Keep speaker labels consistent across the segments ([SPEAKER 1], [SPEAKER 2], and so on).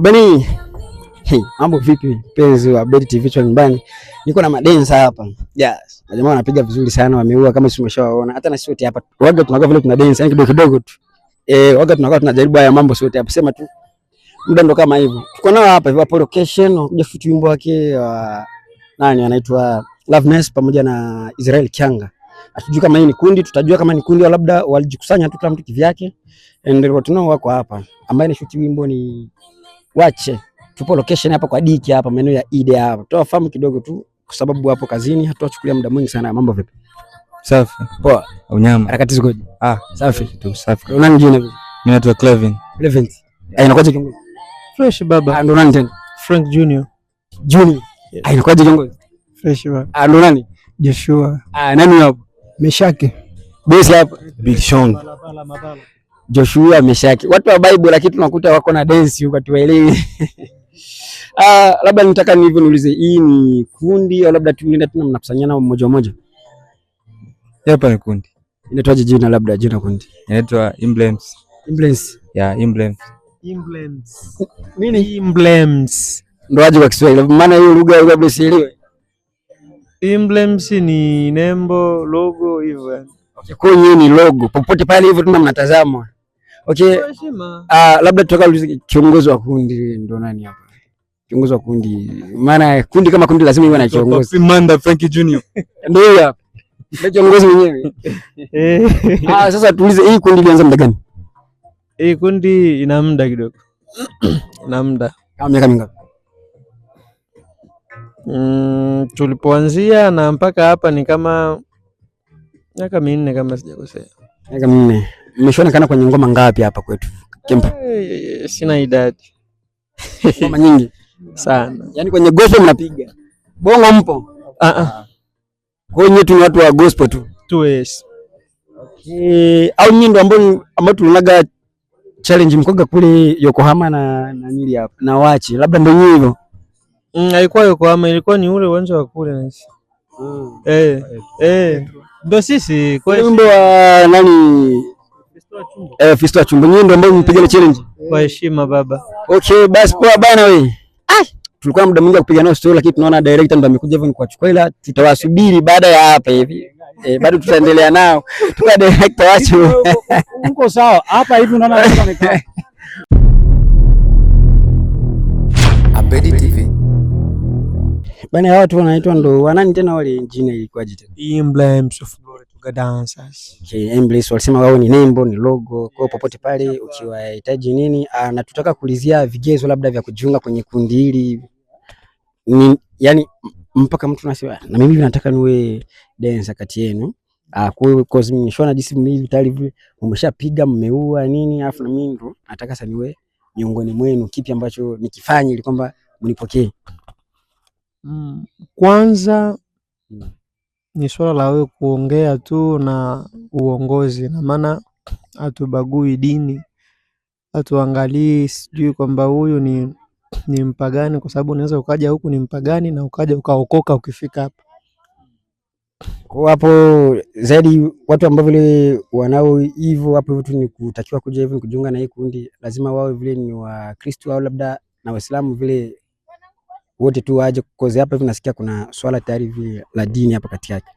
[SPEAKER 1] Bani, hey, mambo vipi penzi wa Bedi TV cha nyumbani? Niko na madensa hapa. Yes. Majamaa wanapiga vizuri sana, wameua kama si umeshawaona. Hata na sote hapa. Waga tunakuwa vile tuna dance, yani kidogo kidogo tu. Eh, waga tunakuwa tunajaribu haya mambo sote hapa. Sema tu muda ndo kama hivyo. Tuko nao hapa hivyo hapo location, wakuja futi wimbo wake wa ah, nani anaitwa Loveness pamoja na Israel Kianga. Hatujui kama hii ni kundi, tutajua kama ni kundi au labda walijikusanya tu kila mtu kivyake. And what know wako hapa, ambaye ni shoot wimbo ni Wache. Tupo location hapa kwa Diki hapa maeneo ya Ide hapa. Tuwafahamu kidogo tu kwa sababu hapo kazini hatuachukulia muda mwingi sana. Mambo vipi? Safi. Poa. Unyama. Harakati ziko.
[SPEAKER 2] Ah, safi
[SPEAKER 1] tu, safi. Una nini vipi? Mimi
[SPEAKER 2] naitwa Clevin.
[SPEAKER 1] Clevin. Eh, inakuwaje kiongozi?
[SPEAKER 3] Fresh baba. Ah, Ndo nani tena? Frank Junior.
[SPEAKER 1] Junior. Yes. Ah, inakuwaje kiongozi?
[SPEAKER 3] Fresh baba.
[SPEAKER 1] Ndo nani?
[SPEAKER 4] Joshua.
[SPEAKER 1] Ah, nani hapo? Meshaki besi hapa Bilshong Joshua Meshaki, watu wa Bible, lakini tunakuta wako na dance huko, tuwaelewi. Ah, labda nitaka ni hivyo niulize, hii ni kundi au labda tunaenda tuna mnakusanyana mmoja mmoja? Hapa ni kundi. Inaitwaje jina, labda jina kundi?
[SPEAKER 2] Inaitwa Emblems. Emblems. Yeah, Emblems.
[SPEAKER 3] Emblems.
[SPEAKER 1] Nini? Emblems. Ndoaje kwa Kiswahili? Maana hiyo lugha labda sielewe.
[SPEAKER 3] Emblems ni nembo, logo hivyo yani.
[SPEAKER 1] Okay, kwa hiyo ni logo. Popote pale hivyo tuna mnatazamwa. Okay. Ah, labda tutaka kiongozi wa kundi ndo nani hapa? Kiongozi wa kundi. Maana kundi kama kundi lazima iwe na kiongozi.
[SPEAKER 2] Manda Frank Junior.
[SPEAKER 1] Ndio ya. Ndio kiongozi mwenyewe. Eh. Ah, sasa tuulize hii kundi ilianza muda gani?
[SPEAKER 3] Hii kundi ina muda kidogo. Ina muda. Kama ah, miaka mingapi? mm, tulipoanzia na mpaka hapa ni kama miaka minne kama sijakosea.
[SPEAKER 1] Miaka minne. Mmeshaonekana kwenye ngoma ngapi hapa kwetu? Kempa. Eh,
[SPEAKER 3] eh, eh, sina idadi. ngoma nyingi sana.
[SPEAKER 1] Yaani kwenye gospel mnapiga. Bongo mpo? Ah ah. Kwa hiyo tu watu wa gospel tu. Tu yes. Okay. Au nyinyi ndio ambao ambao tulinaga challenge mkoga kule Yokohama na na nili hapa na wachi labda ndio hivyo
[SPEAKER 3] Mm, haikuwa ama ilikuwa ni ule uwanja wa kule nasi. Mm. Eh, eh. Ndio sisi kwa wimbo
[SPEAKER 1] wa nani? Eh, Fisto wa Chumbo. Nyinyi ndio ambao mpiga challenge.
[SPEAKER 3] Kwa heshima baba.
[SPEAKER 1] Okay, basi poa bana wewe. Ah, tulikuwa muda mwingi kupiga nao story lakini tunaona director ndo amekuja hivyo ni kuachukua, ila tutawasubiri baada ya hapa hivi. Eh, bado tutaendelea nao. Tuka director wacho. Uko sawa. Hapa hivi unaona kama amekaa.
[SPEAKER 5] Abedi TV.
[SPEAKER 1] Bani hawa tu wanaitwa ndo wanani tena wale jina ilikuwaje tena?
[SPEAKER 3] Emblems of Glory Tugha Dancers.
[SPEAKER 1] Okay, Emblems walisema wao ni nembo, ni logo. Kwa popote pale ukiwahitaji nini, ah, na tutaka kuulizia vigezo labda vya kujiunga kwenye kundi hili. Ni yani mpaka mtu anasema na mimi nataka niwe dancer kati yenu. Ah, kwa cause mimi nishona jinsi mimi vitali vile umeshapiga mmeua nini, afu na mimi ndo nataka sasa niwe miongoni mwenu, kipi ambacho nikifanya ili kwamba mnipokee?
[SPEAKER 3] Mm, kwanza ni swala la wewe kuongea tu na uongozi, na maana hatubagui dini, hatuangalii sijui kwamba huyu ni ni mpagani, kwa sababu unaweza ukaja huku ni mpagani na ukaja ukaokoka ukifika hapa.
[SPEAKER 1] Kwa hapo zaidi watu ambao vile wanao hivyo hapo vitu ni kutakiwa kuja hivyo kujiunga na hii kundi, lazima wawe vile ni Wakristo au labda na Waislamu vile wote tu waje kozi hapa hivi. Nasikia kuna swala tayari hivi la dini hapa kati yake.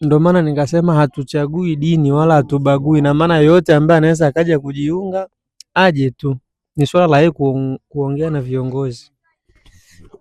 [SPEAKER 3] ndio maana nikasema hatuchagui dini wala hatubagui, na maana yote ambaye anaweza akaja kujiunga aje tu, ni swala la yeye kuongea na viongozi.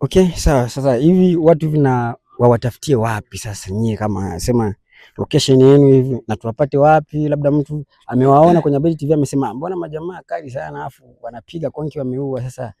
[SPEAKER 1] Okay, sawa. Sasa hivi watu hivi na wawatafutie wapi sasa, nyie kama sema location yenu hivi na tuwapate wapi? Labda mtu amewaona kwenye Abedi TV amesema mbona majamaa kali sana, afu wanapiga konki, wameua sasa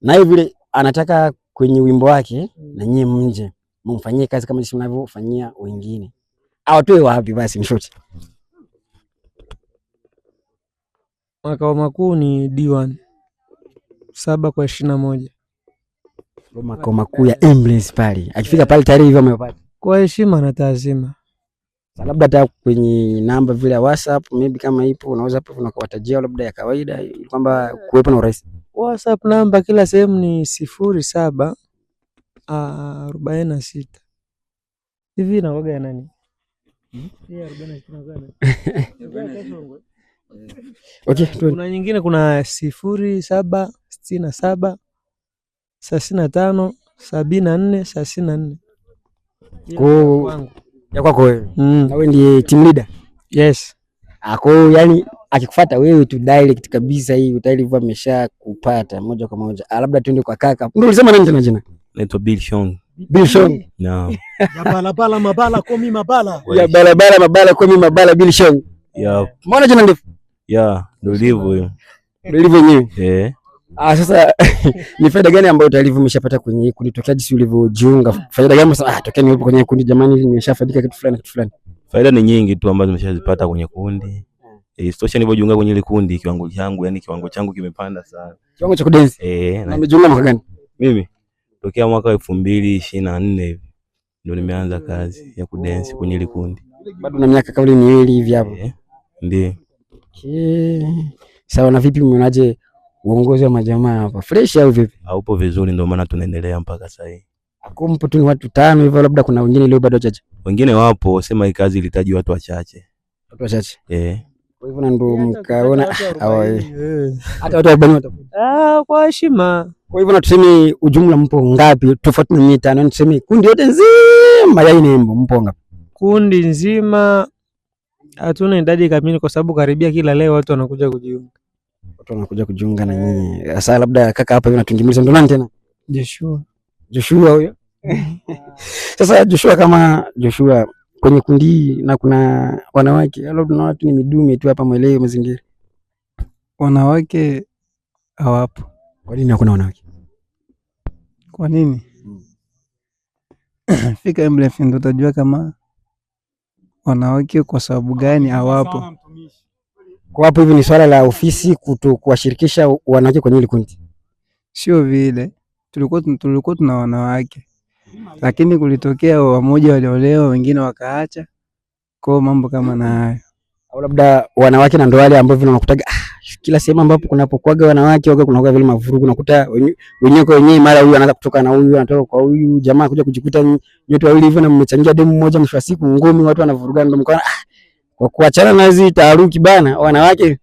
[SPEAKER 1] na hivi vile anataka kwenye wimbo wake mm. na nyie mje mumfanyie kazi kama jinsi mnavyofanyia wengine. Awatoe wapi basi mshuti?
[SPEAKER 3] Makao makuu ni D1 saba kwa ishirini na moja
[SPEAKER 1] makao makuu ya Emblems pale. Akifika pale tayari hivyo amepata
[SPEAKER 3] kwa heshima na taazima.
[SPEAKER 1] Labda hata kwenye namba vile ya WhatsApp maybe kama ipo, unaweza hapo unakuwatajia labda ya kawaida, kwamba kuwepo na urahisi
[SPEAKER 3] WhatsApp namba kila sehemu ni sifuri saba ah, arobaini na sita hivi nani? Okay, eh, kuna nyingine kuna sifuri saba sitini na saba thelathini na tano sabini na nne thelathini na nne
[SPEAKER 1] ya kwako wewe, hmm. na wewe ndiye team leader? Yes. Ako ah, yani akikufuata wewe tu direct kabisa, hii utaili vua amesha kupata moja kwa moja. Ah, labda tuende kwa kaka, ndio ulisema nani tena jina?
[SPEAKER 2] Naitwa Bill Shong. Bill Shong. No.
[SPEAKER 1] Ya balabala mabala komi mabala. Ya balabala mabala komi mabala Bill Shong. Ya. Mbona jina ndefu?
[SPEAKER 2] Ya, ndio hivyo hiyo.
[SPEAKER 1] Ndio hivyo yenyewe. Eh. Ah, sasa ni faida gani ambayo utalivu umeshapata kwenye kundi tokea jinsi ulivyojiunga? Faida gani sasa? Ah, tokea niwepo kwenye kundi jamani, nimeshafaidika kitu fulani kitu fulani.
[SPEAKER 2] Faida ni nyingi tu ambazo nimeshazipata kwenye kundi. Isitosha eh, nilipojiunga kwenye ile kundi kiwango changu yani kiwango changu kimepanda sana.
[SPEAKER 1] Kiwango cha kudensi? Eh, na umejiunga mwaka gani?
[SPEAKER 2] Mimi tokea mwaka 2024 hivi ndio nimeanza kazi ya kudensi kwenye ile kundi.
[SPEAKER 1] Bado na miaka kauli miwili hivi hapo. Eh, ndio. Okay. Sawa na vipi mmeonaje uongozi wa majamaa hapa? Fresh au vipi?
[SPEAKER 2] Haupo vizuri ndio maana tunaendelea mpaka sasa hivi.
[SPEAKER 1] Hakumpo tu watu tano hivyo labda kuna wengine leo bado wachache.
[SPEAKER 2] Wengine wapo, sema hii kazi ilihitaji watu wachache. Watu wachache. Eh
[SPEAKER 1] hivyo ndo yaani mkaona hata watu arobaini watakuta
[SPEAKER 3] ah, kwa heshima.
[SPEAKER 1] Kwa hivyo na tuseme ujumla mpo ngapi tofauti na mimi tano, niseme kundi yote nzima yai nembo mpo ngapi?
[SPEAKER 3] Kundi nzima hatuna idadi kamili, kwa sababu karibia kila leo watu wanakuja kujiunga,
[SPEAKER 1] watu wanakuja kujiunga na nyinyi. Sasa labda kaka hapa hivi natungimuliza, ndo nani tena? Joshua, Joshua huyo. Mm-hmm. Sasa Joshua, kama Joshua kwenye kundi na kuna wanawake au tuna watu ni midume tu hapa, mwelewe mazingira.
[SPEAKER 3] Wanawake hawapo.
[SPEAKER 1] Kwa nini hakuna wanawake?
[SPEAKER 3] Kwa nini? Hmm. Fika mrefu ndo utajua kama wanawake kwa sababu gani hawapo.
[SPEAKER 1] Kwa hapo hivi ni swala la ofisi kutu kuwashirikisha wanawake kwenye ile kundi.
[SPEAKER 3] Sio vile tulikuwa tulikuwa tuna wanawake lakini kulitokea wamoja waliolewa, wengine wakaacha, kwa mambo kama na hayo.
[SPEAKER 1] Au labda wanawake na ndo wale ambao vile wanakutaga ah, kila sehemu ambapo kunapokuaga wanawake waga kunakuwa vile mavurugu, unakuta wenyewe kwa wenyewe, mara huyu anaanza kutoka na huyu anatoka kwa huyu jamaa, kuja kujikuta nyote wawili hivyo, na mmechangia demu moja, mwisho wa siku ngumi, watu wanavurugana, ndio mkaona ah, kwa kuachana na hizi taharuki bana, wanawake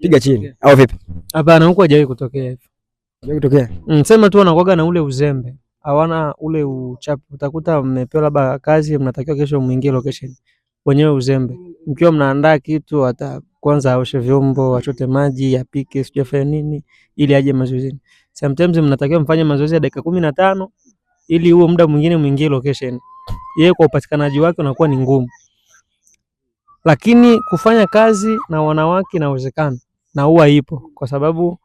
[SPEAKER 1] piga chini au vipi?
[SPEAKER 3] Hapana, huko hajawahi kutokea hivyo, hajawahi kutokea. Msema mm, tu anakuaga na ule uzembe hawana ule uchapu. Utakuta mmepewa labda kazi, mnatakiwa kesho mwingie location, wenyewe uzembe. Mkiwa mnaandaa kitu, hata kwanza aoshe vyombo, achote maji, apike, sijui afanye nini, ili aje mazoezini. Sometimes mnatakiwa mfanye mazoezi ya dakika kumi na tano ili huo muda mwingine mwingie location. Yeye kwa upatikanaji wake unakuwa ni ngumu, lakini kufanya kazi na wanawake inawezekana na huwa ipo, kwa sababu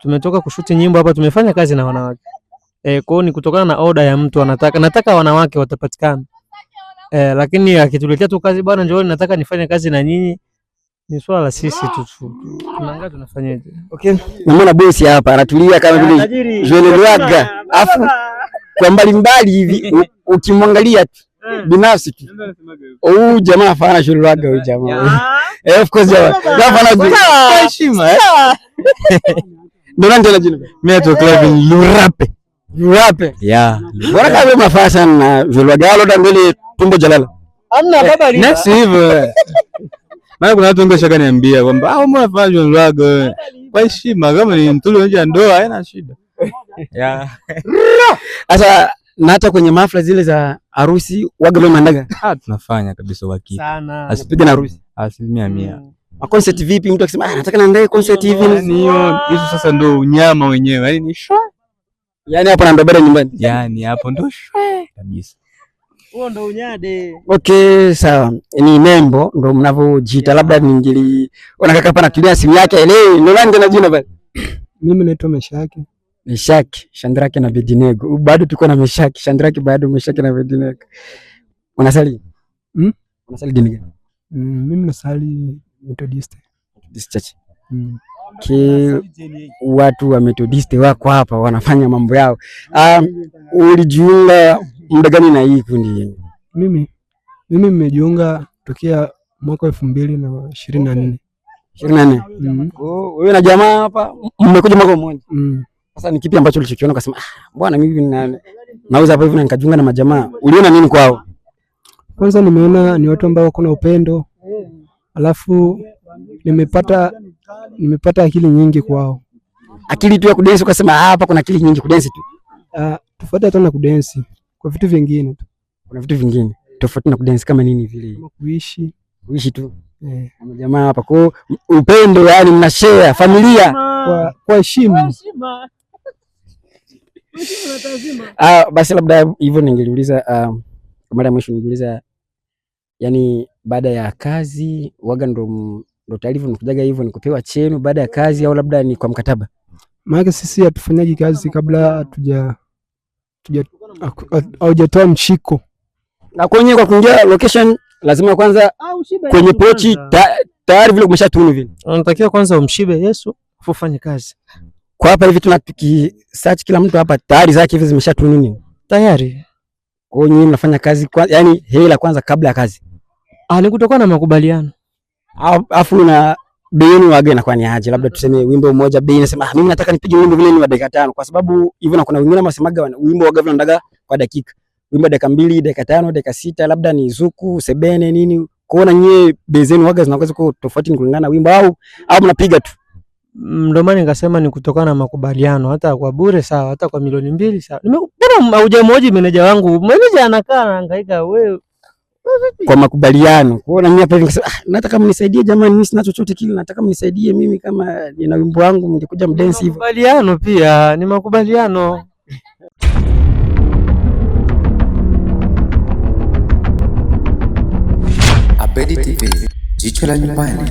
[SPEAKER 3] tumetoka kushuti nyimbo hapa, tumefanya kazi na wanawake. Eh, kwao ni kutokana na oda ya mtu anataka, nataka wanawake watapatikana. Eh, lakini akituletea tu kazi, bwana njoo nataka nifanye kazi na nyinyi, ni swala la sisi tu tunaangalia tunafanyaje.
[SPEAKER 1] Okay, naona bosi hapa anatulia kama vile jelelwaga, afu kwa mbali mbali hivi ukimwangalia tu eh. binafsi tu Oh, jamaa afana jelelwaga, huyu jamaa eh, of course jamaa Jamaa afana heshima eh, Ndio ndio tena jina
[SPEAKER 2] mimi tu Clavin Lurape Yuwape? Ya.
[SPEAKER 1] Bora kawe mafasa na vilwa galo da mbili tumbo jalala. Amna eh, baba ni.
[SPEAKER 3] Nasi hivyo. Maana kuna watu wengi niambia kwamba au ah, mnafanya vilwa wago. Kwa heshima kama ni mtulu nje ndoa haina shida.
[SPEAKER 2] Ya.
[SPEAKER 1] Sasa na hata kwenye mafla zile za harusi waga mwandaga.
[SPEAKER 3] Ah, tunafanya kabisa uhakika. Sana.
[SPEAKER 1] Asipige na harusi.
[SPEAKER 2] Asilimia mia. Mm.
[SPEAKER 1] Ma concert vipi mtu akisema ah, nataka niandae concert hivi. ni
[SPEAKER 3] Hiyo Hizo sasa ndio unyama wenyewe. Yaani ni shwa.
[SPEAKER 1] Yaani hapo nambebele nyumbani.
[SPEAKER 2] Yaani hapo ndo eh. kabisa.
[SPEAKER 1] Huo ndo unyade. Okay, sawa. Ni nembo ndo mnavyojiita yeah. Labda ningili ona kaka hapa natulia simu yake ile. Ni nani na jina bali?
[SPEAKER 3] Mimi naitwa Meshaki.
[SPEAKER 1] Meshaki, Shandrake na Bedinego. Bado tuko na Meshaki, Shandrake bado Meshaki na Bedinego. Unasali? Mm? Unasali dini gani?
[SPEAKER 3] Mm, mimi nasali Methodist. Methodist Church. Mm
[SPEAKER 1] ki watu wa Methodisti wako hapa wanafanya mambo yao. Um, ulijiunga muda gani na hii kundi Mimi
[SPEAKER 3] mimi nimejiunga tokea mwaka elfu mbili na ishirini na nne ishirini na nne mm-hmm.
[SPEAKER 1] oh, Wewe na jamaa hapa mmekuja mwaka mmoja. Mm. Sasa ni kipi ambacho ulichokiona ukasema, ah, bwana mimi na, nauza hapa hivi na nikajiunga na majamaa? Uliona nini kwao?
[SPEAKER 3] Kwanza nimeona ni watu ambao wako na upendo, alafu nimepata nimepata akili nyingi kwao.
[SPEAKER 1] Akili tu ya kudensi? Ukasema ah, hapa kuna akili nyingi kudensi tu?
[SPEAKER 3] Uh, ah, tofauti hata na kudensi, kwa vitu vingine tu.
[SPEAKER 1] Kuna vitu vingine tofauti na kudensi kama nini vile? Kuishi, kuishi tu yeah. Jamaa hapa kwa upendo, yani mna share familia
[SPEAKER 3] kwa heshima
[SPEAKER 1] Ah, basi labda hivyo ningeliuliza uh, mara ya mwisho ningeuliza, yani baada ya kazi waga ndo ndo taarifa nikujaga hivyo, nikupewa chenu baada ya kazi au labda ni kwa mkataba?
[SPEAKER 3] Maana sisi hatufanyaji kazi kabla hatuja haujatoa mshiko.
[SPEAKER 1] Na kwenye kwa kuingia location lazima kwanza ah, kwenye pochi tayari vile umeshatunu vile,
[SPEAKER 3] unatakiwa kwanza umshibe Yesu ufanye kazi
[SPEAKER 1] kwa hapa hivi tunatuki search kila mtu hapa tayari zake hivi zimeshatunu nini tayari. Kwa hiyo mnafanya kazi kwa, yani hela kwanza kabla ya kazi. Ah, ni kutokana na makubaliano afu na bei wage na inakuwa ni aje? Labda tuseme wimbo mmoja bei nasema ah, mimi nataka nipige wimbo vile ni wa dakika tano, kwa sababu hivyo na kuna wengine wanasemaga wimbo waga vinandaga kwa dakika, wimbo dakika mbili, dakika tano, dakika sita, labda ni zuku sebene nini. Kuona nyie bei zenu waga zinaweza kuwa tofauti kulingana na wimbo au au mnapiga tu?
[SPEAKER 3] Mm, ndio maana nikasema ni kutokana na makubaliano, hata kwa bure sawa, hata kwa milioni mbili sawa. Nimekupa haujamoji meneja wangu, meneja anakaa anahangaika wewe
[SPEAKER 1] kwa makubaliano. Kwa hiyo mimi hapa nikasema, ah, nataka mnisaidie jamani, mimi sina chochote kile, nataka mnisaidie mimi, kama nina wimbo wangu mngekuja mdance hivyo.
[SPEAKER 3] Makubaliano pia ni makubaliano. Abedi TV, jicho la nyumbani.